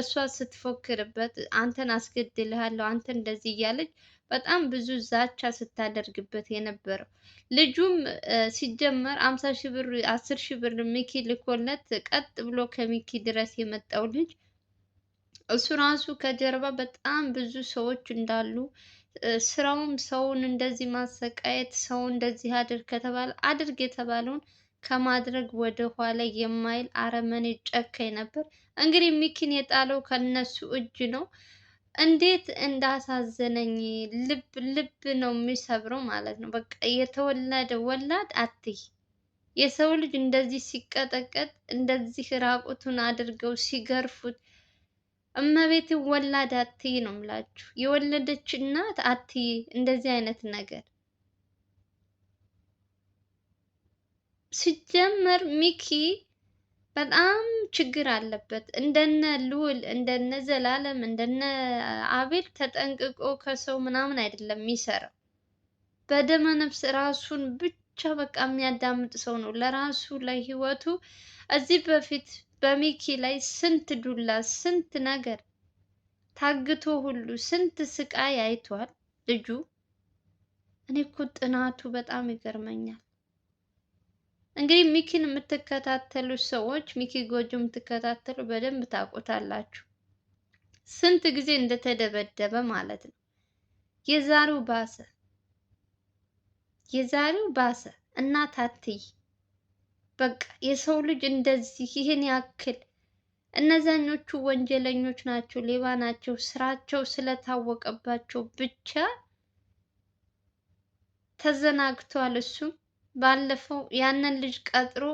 እሷ ስትፎክርበት አንተን አስገድልሃለሁ አንተ እንደዚህ እያለች በጣም ብዙ ዛቻ ስታደርግበት የነበረው ልጁም ሲጀመር አምሳ ሺህ ብር አስር ሺህ ብር ሚኪ ልኮለት ቀጥ ብሎ ከሚኪ ድረስ የመጣው ልጅ እሱ ራሱ ከጀርባ በጣም ብዙ ሰዎች እንዳሉ ስራውም ሰውን እንደዚህ ማሰቃየት ሰው እንደዚህ አድርግ ከተባለ አድርግ የተባለውን ከማድረግ ወደ ኋላ የማይል አረመኔ ጨካኝ ነበር። እንግዲህ ሚኪን የጣለው ከነሱ እጅ ነው። እንዴት እንዳሳዘነኝ ልብ ልብ ነው የሚሰብረው ማለት ነው። በቃ የተወለደ ወላድ አትይ። የሰው ልጅ እንደዚህ ሲቀጠቀጥ፣ እንደዚህ ራቁቱን አድርገው ሲገርፉት፣ እመቤት ወላድ አትይ ነው የምላችሁ። የወለደች እናት አትይ እንደዚህ አይነት ነገር ሲጀመር ሚኪ በጣም ችግር አለበት። እንደነ ልዑል እንደነ ዘላለም እንደነ አቤል ተጠንቅቆ ከሰው ምናምን አይደለም የሚሰራው። በደመ ነፍስ ራሱን ብቻ በቃ የሚያዳምጥ ሰው ነው። ለራሱ ለህይወቱ እዚህ በፊት በሚኪ ላይ ስንት ዱላ ስንት ነገር ታግቶ ሁሉ ስንት ስቃይ አይቷል ልጁ። እኔ እኮ ጥናቱ በጣም ይገርመኛል። እንግዲህ ሚኪን የምትከታተሉ ሰዎች ሚኪ ጎጆ የምትከታተሉ በደንብ ታውቁታላችሁ። ስንት ጊዜ እንደተደበደበ ማለት ነው። የዛሬው ባሰ፣ የዛሬው ባሰ። እናት አትይ፣ በቃ የሰው ልጅ እንደዚህ ይህን ያክል እነዛኞቹ ወንጀለኞች ናቸው፣ ሌባ ናቸው። ስራቸው ስለታወቀባቸው ብቻ ተዘናግቷል እሱም ባለፈው ያንን ልጅ ቀጥሮ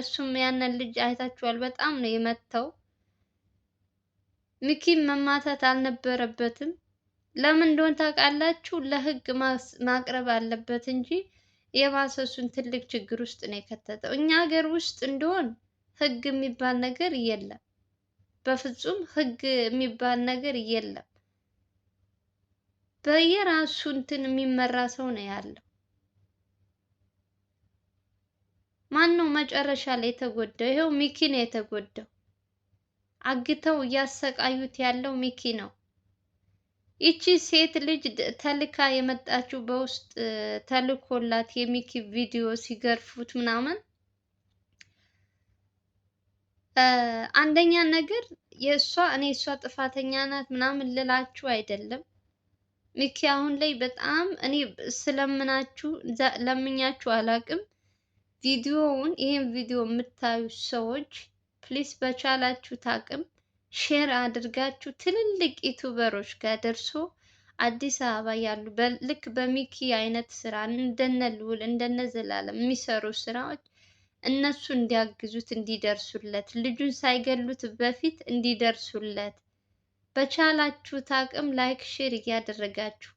እሱም ያንን ልጅ አይታችኋል። በጣም ነው የመተው። ሚኪም መማታት አልነበረበትም። ለምን እንደሆነ ታውቃላችሁ? ለህግ ማቅረብ አለበት እንጂ የባሰሱን ትልቅ ችግር ውስጥ ነው የከተተው። እኛ ሀገር ውስጥ እንደሆን ህግ የሚባል ነገር የለም። በፍጹም ህግ የሚባል ነገር የለም። በየራሱ እንትን የሚመራ ሰው ነው ያለው። ማነው መጨረሻ ላይ የተጎዳው? ይኸው ሚኪ ነው የተጎዳው። አግተው እያሰቃዩት ያለው ሚኪ ነው። ይቺ ሴት ልጅ ተልካ የመጣችው በውስጥ ተልኮላት የሚኪ ቪዲዮ ሲገርፉት ምናምን። አንደኛ ነገር የእሷ እኔ እሷ ጥፋተኛ ናት ምናምን ልላችሁ አይደለም። ሚኪ አሁን ላይ በጣም እኔ ስለምናችሁ ለምኛችሁ አላቅም ቪዲዮውን ይህን ቪዲዮ የምታዩ ሰዎች ፕሊስ በቻላችሁት አቅም ሼር አድርጋችሁ ትልልቅ ዩቱበሮች ጋር ደርሶ አዲስ አበባ ያሉ ልክ በሚኪ አይነት ስራ እንደነ ልዑል እንደነ ዘላለም የሚሰሩ ስራዎች እነሱ እንዲያግዙት እንዲደርሱለት፣ ልጁን ሳይገሉት በፊት እንዲደርሱለት በቻላችሁት አቅም ላይክ ሼር እያደረጋችሁ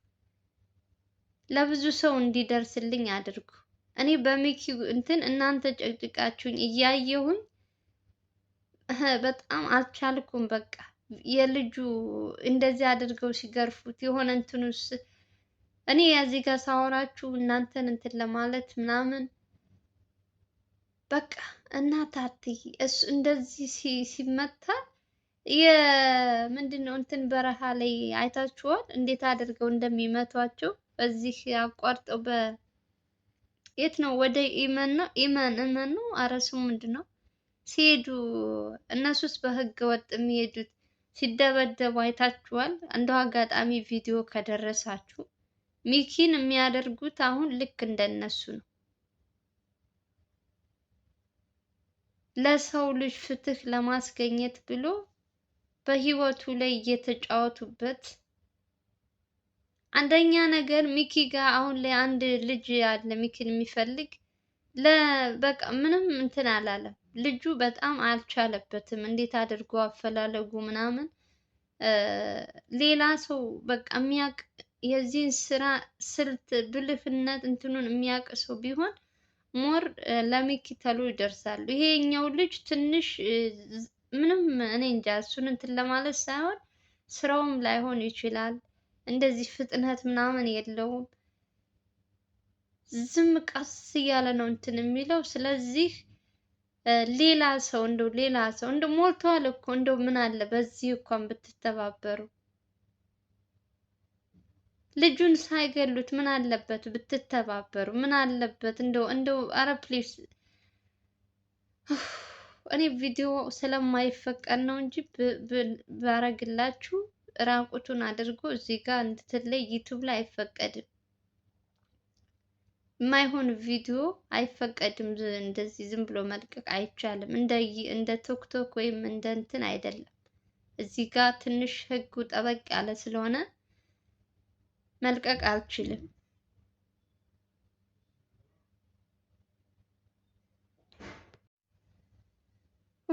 ለብዙ ሰው እንዲደርስልኝ አድርጉ። እኔ በሚኪ እንትን እናንተ ጨቅጭቃችሁኝ እያየሁኝ በጣም አልቻልኩም። በቃ የልጁ እንደዚህ አድርገው ሲገርፉት የሆነ እንትኑስ እኔ እዚህ ጋር ሳወራችሁ እናንተን እንትን ለማለት ምናምን በቃ እናት አትይ እሱ እንደዚህ ሲመታ የምንድነው እንትን በረሃ ላይ አይታችኋል፣ እንዴት አድርገው እንደሚመቷቸው በዚህ አቋርጠው በ የት ነው? ወደ ኢመን ነው። ኢመን እመን ነው። አረ ስሙ ምንድን ነው? ሲሄዱ እነሱስ በህገ ወጥ የሚሄዱት ሲደበደቡ አይታችኋል። እንደው አጋጣሚ ቪዲዮ ከደረሳችሁ ሚኪን የሚያደርጉት አሁን ልክ እንደነሱ ነው። ለሰው ልጅ ፍትህ ለማስገኘት ብሎ በህይወቱ ላይ እየተጫወቱበት አንደኛ ነገር ሚኪ ጋር አሁን ላይ አንድ ልጅ አለ ሚኪን የሚፈልግ ለበቃ ምንም እንትን አላለም። ልጁ በጣም አልቻለበትም። እንዴት አድርጎ አፈላለጉ ምናምን ሌላ ሰው በቃ የሚያቅ የዚህን ስራ ስልት ብልህነት እንትኑን የሚያቅ ሰው ቢሆን ሞር ለሚኪ ተሎ ይደርሳሉ። ይሄኛው ልጅ ትንሽ ምንም እኔ እንጃ እሱን እንትን ለማለት ሳይሆን ስራውም ላይሆን ይችላል እንደዚህ ፍጥነት ምናምን የለውም። ዝም ቀስ እያለ ነው እንትን የሚለው። ስለዚህ ሌላ ሰው እንደው ሌላ ሰው እንደው ሞልቷል እኮ እንደው ምን አለ በዚህ እንኳን ብትተባበሩ ልጁን ሳይገሉት ምን አለበት ብትተባበሩ፣ ምን አለበት እንደው እንደው አረ ፕሊስ እኔ ቪዲዮ ስለማይፈቀድ ነው እንጂ ባረግላችሁ ራቁቱን አድርጎ እዚህ ጋር እንድትለይ ዩቱብ ላይ አይፈቀድም። የማይሆን ቪዲዮ አይፈቀድም። እንደዚህ ዝም ብሎ መልቀቅ አይቻልም። እንደ ቶክቶክ ወይም እንደ እንትን አይደለም። እዚህ ጋር ትንሽ ህጉ ጠበቅ ያለ ስለሆነ መልቀቅ አልችልም።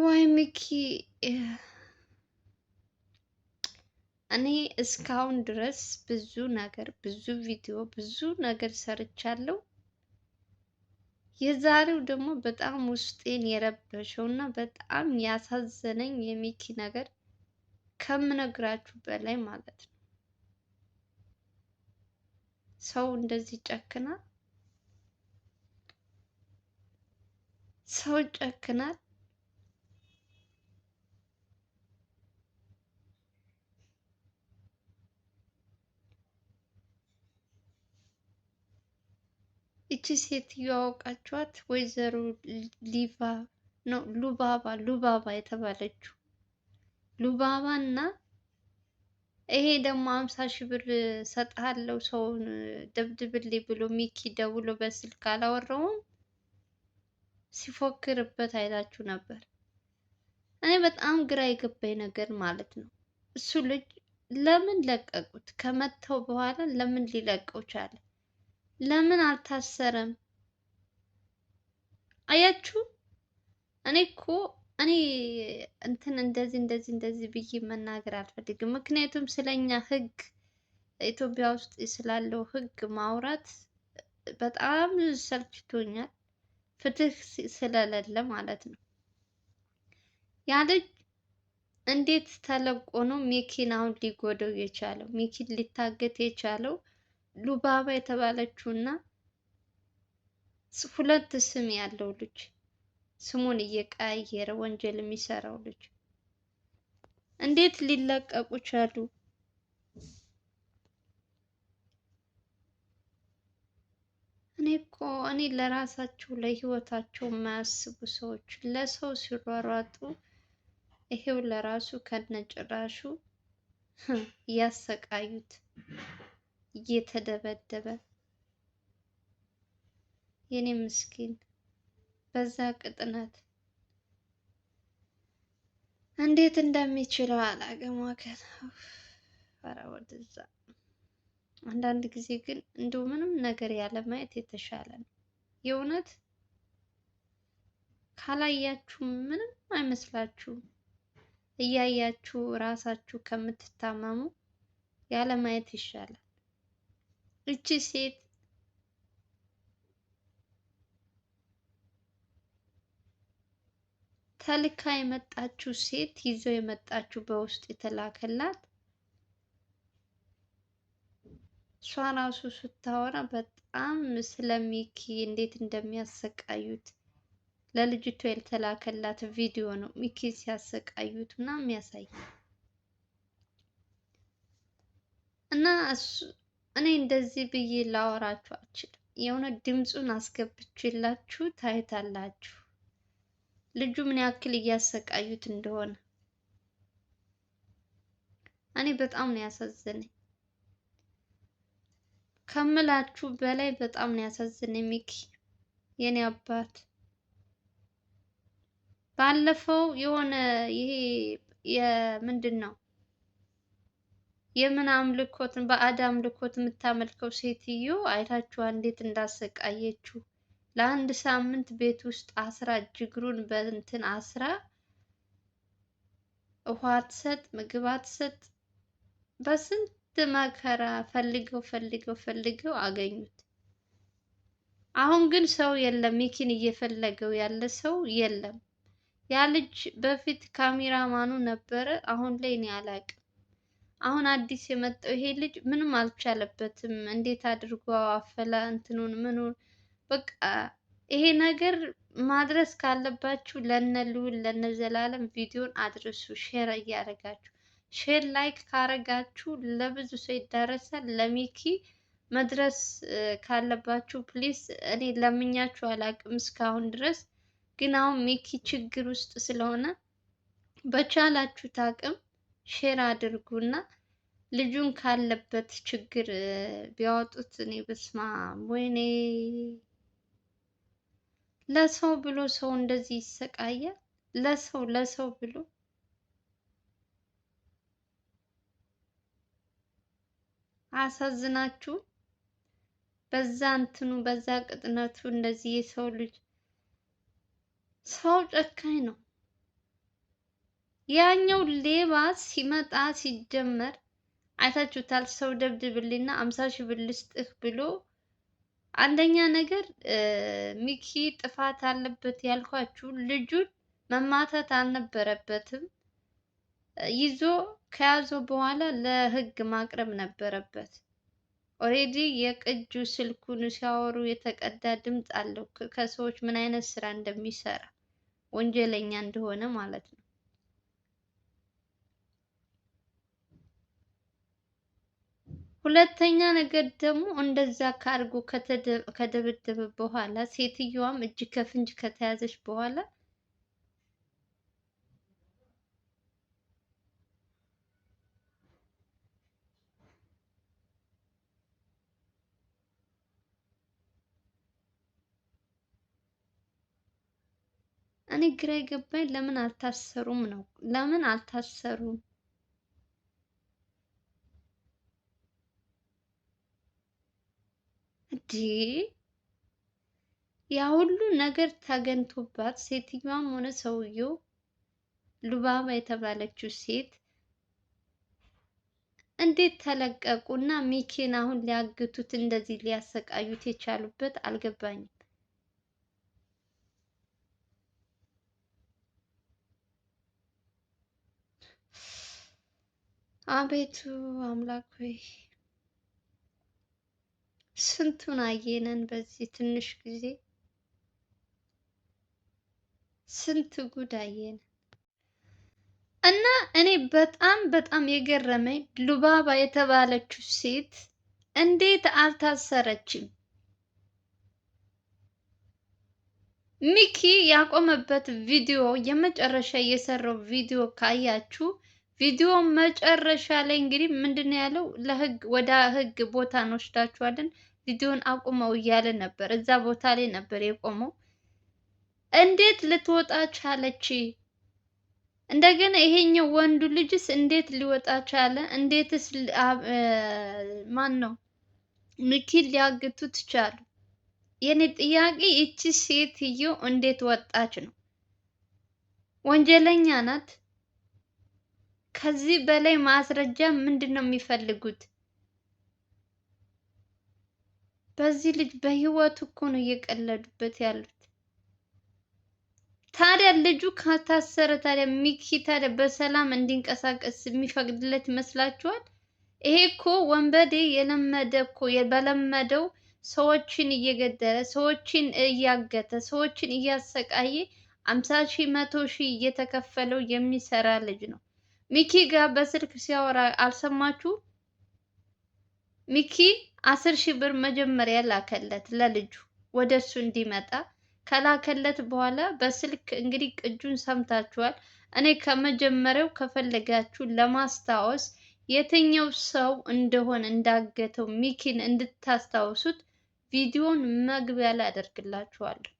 ዋይ ሚኪ እኔ እስካሁን ድረስ ብዙ ነገር ብዙ ቪዲዮ ብዙ ነገር ሰርቻለሁ። የዛሬው ደግሞ በጣም ውስጤን የረበሸው እና በጣም ያሳዘነኝ የሚኪ ነገር ከምነግራችሁ በላይ ማለት ነው። ሰው እንደዚህ ይጨክናል። ሰው ይጨክናል። እቺ ሴትዮ አውቃችኋት? ወይዘሮ ሊቫ ነው ሉባባ ሉባባ የተባለችው ሉባባ እና ይሄ ደግሞ አምሳ ሺህ ብር ሰጥሃለው ሰውን ደብድብልኝ ብሎ ሚኪ ደውሎ በስልክ አላወራውም ሲፎክርበት አይታችሁ ነበር። እኔ በጣም ግራ የገባኝ ነገር ማለት ነው እሱ ልጅ ለምን ለቀቁት? ከመተው በኋላ ለምን ሊለቀው ቻለ? ለምን አልታሰረም? አያችሁ እኔ እኮ እኔ እንትን እንደዚህ እንደዚህ እንደዚህ ብዬ መናገር አልፈልግም። ምክንያቱም ስለኛ ህግ ኢትዮጵያ ውስጥ ስላለው ህግ ማውራት በጣም ሰልችቶኛል። ፍትህ ስለሌለ ማለት ነው። ያ ልጅ እንዴት ተለቆ ነው ሚኪን አሁን ሊጎደው የቻለው? ሚኪን ሊታገት የቻለው ሉባባ የተባለችው እና ሁለት ስም ያለው ልጅ ስሙን እየቀያየረ ወንጀል የሚሰራው ልጅ እንዴት ሊለቀቁ ቻሉ? እኔ እኮ እኔ ለራሳቸው ለህይወታቸው የማያስቡ ሰዎች ለሰው ሲሯሯጡ ይሄው ለራሱ ከነጭራሹ እያሰቃዩት እየተደበደበ የኔ ምስኪን በዛ ቅጥነት እንዴት እንደሚችለው አላውቅም። ወገን ኧረ ወደዛ። አንዳንድ ጊዜ ግን እንደው ምንም ነገር ያለ ማየት የተሻለ ነው። የእውነት ካላያችሁ ምንም አይመስላችሁም። እያያችሁ ራሳችሁ ከምትታመሙ ያለ ማየት ይሻላል። እቺ ሴት ተልካ የመጣችው ሴት ይዘው የመጣችው በውስጥ የተላከላት እሷ ራሱ ስታወራ በጣም ስለሚኪ እንዴት እንደሚያሰቃዩት ለልጅቷ የተላከላት ቪዲዮ ነው። ሚኪ ሲያሰቃዩት ምናምን የሚያሳይ እና እኔ እንደዚህ ብዬ ላወራችሁ አልችልም። የሆነ ድምፁን አስገብችላችሁ ታይታላችሁ ልጁ ምን ያክል እያሰቃዩት እንደሆነ። እኔ በጣም ነው ያሳዘነኝ ከምላችሁ በላይ በጣም ነው ያሳዝነኝ ሚኪ የኔ አባት ባለፈው የሆነ ይሄ የምንድን ነው የምን አምልኮትን በአድ አምልኮት የምታመልከው ሴትዮ አይታችኋ እንዴት እንዳሰቃየችው። ለአንድ ሳምንት ቤት ውስጥ አስራ ጅግሩን በእንትን አስራ ውሃ አትሰጥ፣ ምግብ አትሰጥ። በስንት መከራ ፈልገው ፈልገው ፈልገው አገኙት። አሁን ግን ሰው የለም። ሚኪን እየፈለገው ያለ ሰው የለም። ያ ልጅ በፊት ካሜራማኑ ነበረ። አሁን ላይ እኔ አላቅም። አሁን አዲስ የመጣው ይሄ ልጅ ምንም አልቻለበትም። እንዴት አድርጎ አፈላ እንትኑን ምኑን በቃ ይሄ ነገር ማድረስ ካለባችሁ ለነ ለነዘላለም ለነ ዘላለም ቪዲዮን አድርሱ። ሼር እያደረጋችሁ ሼር ላይክ ካረጋችሁ ለብዙ ሰው ይዳረሳል። ለሚኪ መድረስ ካለባችሁ ፕሊስ። እኔ ለምኛችሁ አላቅም እስካሁን ድረስ ግን አሁን ሚኪ ችግር ውስጥ ስለሆነ በቻላችሁት አቅም ሼር አድርጉና ልጁን ካለበት ችግር ቢያወጡት እኔ በስመ አብ ወይኔ! ለሰው ብሎ ሰው እንደዚህ ይሰቃያል። ለሰው ለሰው ብሎ አሳዝናችሁ በዛ እንትኑ በዛ ቅጥነቱ እንደዚህ የሰው ልጅ ሰው ጨካኝ ነው። ያኛው ሌባ ሲመጣ ሲጀመር አይታችሁታል። ሰው ደብድብልና አምሳ ሺህ ብር ልስጥህ ብሎ አንደኛ ነገር ሚኪ ጥፋት አለበት ያልኳችሁ ልጁን መማተት አልነበረበትም። ይዞ ከያዞ በኋላ ለህግ ማቅረብ ነበረበት። ኦሬዲ የቅጁ ስልኩን ሲያወሩ የተቀዳ ድምፅ አለው። ከሰዎች ምን አይነት ስራ እንደሚሰራ ወንጀለኛ እንደሆነ ማለት ነው። ሁለተኛ ነገር ደግሞ እንደዛ ካርጎ ከደበደበ በኋላ ሴትየዋም እጅ ከፍንጅ ከተያዘች በኋላ እኔ ግራ የገባኝ ለምን አልታሰሩም ነው። ለምን አልታሰሩም? ያ ሁሉ ነገር ተገንቶባት ሴትዮዋም ሆነ ሰውየው ሉባባ የተባለችው ሴት እንዴት ተለቀቁ እና ሚኪን አሁን ሊያግቱት እንደዚህ ሊያሰቃዩት የቻሉበት አልገባኝም። አቤቱ አምላክ ሆይ ስንቱን አየነን በዚህ ትንሽ ጊዜ ስንት ጉድ አየን። እና እኔ በጣም በጣም የገረመኝ ሉባባ የተባለችው ሴት እንዴት አልታሰረችም? ሚኪ ያቆመበት ቪዲዮ የመጨረሻ የሰራው ቪዲዮ ካያችሁ ቪዲዮ መጨረሻ ላይ እንግዲህ ምንድን ነው ያለው? ለህግ ወደ ህግ ቦታ እንወስዳችኋለን ቪዲዮን አቁመው እያለ ነበር። እዛ ቦታ ላይ ነበር የቆመው። እንዴት ልትወጣ ቻለች? እንደገና ይሄኛው ወንዱ ልጅስ እንዴት ሊወጣ ቻለ? እንዴትስ ማን ነው ሚኪን ሊያግቱት ቻሉ? የኔ ጥያቄ ይቺ ሴትዮ እንዴት ወጣች ነው? ወንጀለኛ ናት። ከዚህ በላይ ማስረጃ ምንድን ነው የሚፈልጉት? በዚህ ልጅ በህይወቱ እኮ ነው እየቀለዱበት ያሉት። ታዲያ ልጁ ካታሰረ ታዲያ ሚኪ ታዲያ በሰላም እንዲንቀሳቀስ የሚፈቅድለት ይመስላችኋል? ይሄ እኮ ወንበዴ የለመደ እኮ በለመደው ሰዎችን እየገደለ ሰዎችን እያገተ ሰዎችን እያሰቃየ አምሳ ሺህ መቶ ሺህ እየተከፈለው የሚሰራ ልጅ ነው። ሚኪ ጋር በስልክ ሲያወራ አልሰማችሁ? ሚኪ አስር ሺህ ብር መጀመሪያ ላከለት ለልጁ ወደ እሱ እንዲመጣ ከላከለት በኋላ በስልክ እንግዲህ ቅጁን ሰምታችኋል። እኔ ከመጀመሪያው ከፈለጋችሁ ለማስታወስ የትኛው ሰው እንደሆነ እንዳገተው ሚኪን እንድታስታውሱት ቪዲዮን መግቢያ ላይ አደርግላችኋለሁ።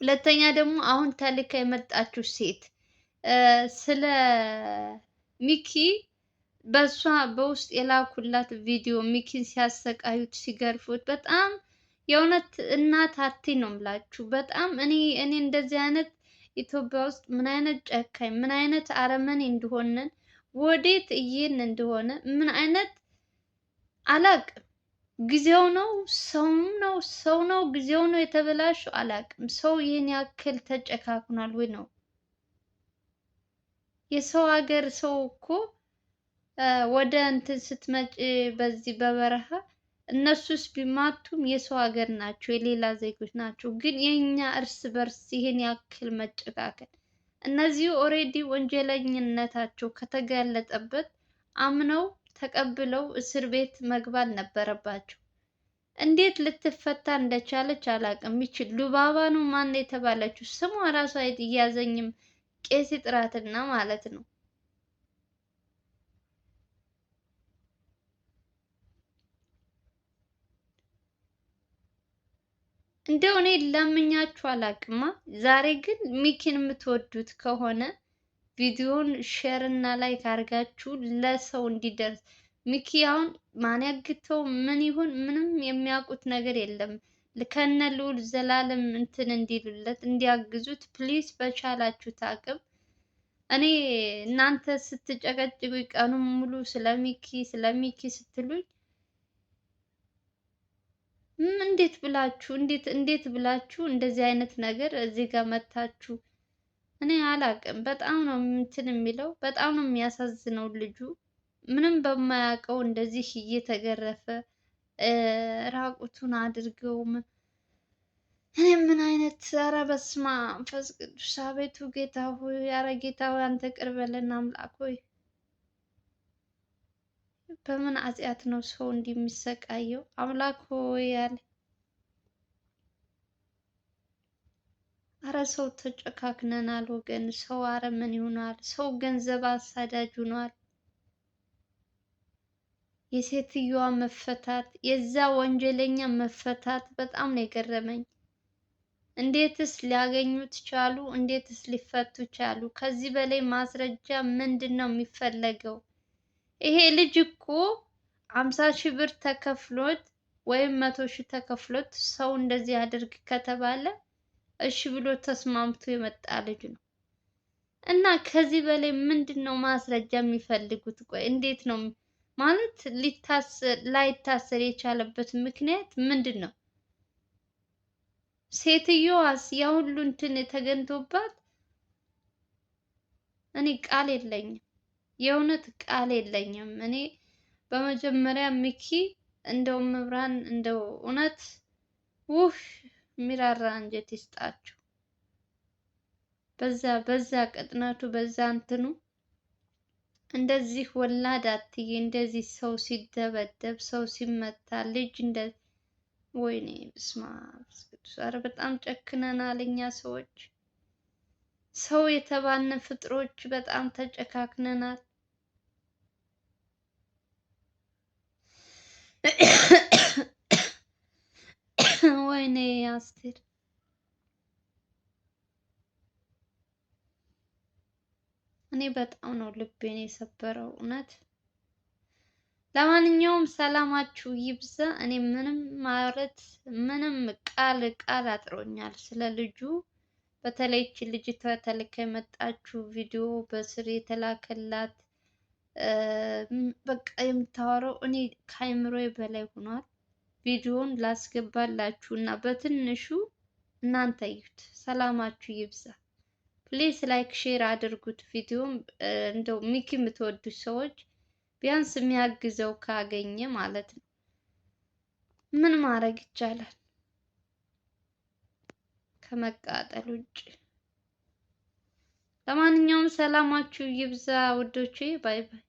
ሁለተኛ ደግሞ አሁን ተልካ የመጣችሁ ሴት ስለ ሚኪ በእሷ በውስጥ የላኩላት ቪዲዮ ሚኪን ሲያሰቃዩት ሲገርፉት በጣም የእውነት እናት አቴ ነው ምላችሁ። በጣም እኔ እኔ እንደዚህ አይነት ኢትዮጵያ ውስጥ ምን አይነት ጨካኝ ምን አይነት አረመኔ እንደሆነን ወዴት እየን እንደሆነ ምን አይነት አላቅም። ጊዜው ነው ሰው ነው ሰው ነው ጊዜው ነው የተበላሸው። አላቅም ሰው ይህን ያክል ተጨካክኗል ወይ ነው የሰው ሀገር ሰው እኮ ወደ እንትን ስትመጪ በዚህ በበረሃ እነሱስ ቢማቱም የሰው ሀገር ናቸው፣ የሌላ ዜጎች ናቸው። ግን የእኛ እርስ በርስ ይህን ያክል መጨካከል እነዚህ ኦሬዲ ወንጀለኝነታቸው ከተጋለጠበት አምነው ተቀብለው እስር ቤት መግባት ነበረባቸው። እንዴት ልትፈታ እንደቻለች አላቅም ይችል ሉባባ ነው ማን የተባለችው ስሟ ራሷ አያዘኝም። ቄስ ጥራትና ማለት ነው እንደው እኔ ለምኛችሁ አላቅማ። ዛሬ ግን ሚኪን የምትወዱት ከሆነ ቪዲዮን ሼር እና ላይክ አድርጋችሁ ለሰው እንዲደርስ። ሚኪ አሁን ማን ያግተው ምን ይሁን ምንም የሚያውቁት ነገር የለም። ከነ ልዑል ዘላለም እንትን እንዲሉለት እንዲያግዙት ፕሊዝ፣ በቻላችሁት አቅም እኔ እናንተ ስትጨቀጭቁ ቀኑን ሙሉ ስለሚኪ ስለሚኪ ስትሉኝ እንዴት ብላችሁ እንዴት እንዴት ብላችሁ እንደዚህ አይነት ነገር እዚህ ጋር መታችሁ? እኔ አላቅም። በጣም ነው እንትን የሚለው በጣም ነው የሚያሳዝነው። ልጁ ምንም በማያውቀው እንደዚህ እየተገረፈ ራቁቱን አድርገውም እኔ ምን አይነት ኧረ በስመ አብ መንፈስ ቅዱስ አቤቱ ጌታ ሆይ ኧረ ጌታ ሆይ አንተ ቅርበልን አምላክ ሆይ በምን አጽያት ነው ሰው እንዲህ የሚሰቃየው? አምላክ ሆይ ያለ አረ ሰው ተጨካክነናል ወገን። ሰው ምን ሆኗል። ሰው ገንዘብ አሳዳጅ ሆኗል። የሴትዮዋ መፈታት፣ የዛ ወንጀለኛ መፈታት በጣም ነው የገረመኝ። እንዴትስ ሊያገኙት ቻሉ? እንዴትስ ሊፈቱ ቻሉ? ከዚህ በላይ ማስረጃ ምንድን ነው የሚፈለገው? ይሄ ልጅ እኮ አምሳ ሺህ ብር ተከፍሎት ወይም መቶ ሺህ ተከፍሎት ሰው እንደዚህ አድርግ ከተባለ እሺ ብሎ ተስማምቶ የመጣ ልጅ ነው። እና ከዚህ በላይ ምንድን ነው ማስረጃ የሚፈልጉት? ቆይ እንዴት ነው ማለት ላይታሰር የቻለበት ምክንያት ምንድን ነው? ሴትዮዋስ ያ ሁሉ እንትን ተገንቶባት እኔ ቃል የለኝም። የእውነት ቃል የለኝም። እኔ በመጀመሪያ ሚኪ እንደው ምብራን እንደው እውነት ውህ የሚራራ አንጀት ይስጣችሁ። በዛ በዛ ቅጥነቱ በዛ እንትኑ እንደዚህ ወላድ አትዬ እንደዚህ ሰው ሲደበደብ ሰው ሲመታ ልጅ እንደ ወይኔ ብስማ ኧረ በጣም ጨክነናል እኛ ሰዎች ሰው የተባልን ፍጥሮች በጣም ተጨካክነናል። ወይኔ አስቴር እኔ በጣም ነው ልቤን የሰበረው እውነት። ለማንኛውም ሰላማችሁ ይብዛ። እኔ ምንም ማለት ምንም ቃል ቃል አጥሮኛል ስለ ልጁ። በተለይ ይቺ ልጅቷ ተልካ የመጣችው ቪዲዮ በስር የተላከላት በቃ የምታወራው እኔ ከአይምሮ በላይ ሆኗል። ቪዲዮውን ላስገባላችሁ እና በትንሹ እናንተ እዩት። ሰላማችሁ ይብዛ። ፕሊዝ ላይክ ሼር አድርጉት። ቪዲዮም እንደው ሚኪ የምትወዱ ሰዎች ቢያንስ የሚያግዘው ካገኘ ማለት ነው። ምን ማድረግ ይቻላል ከመቃጠል ውጭ ለማንኛውም ሰላማችሁ ይብዛ ውዶቼ፣ ባይ ባይ።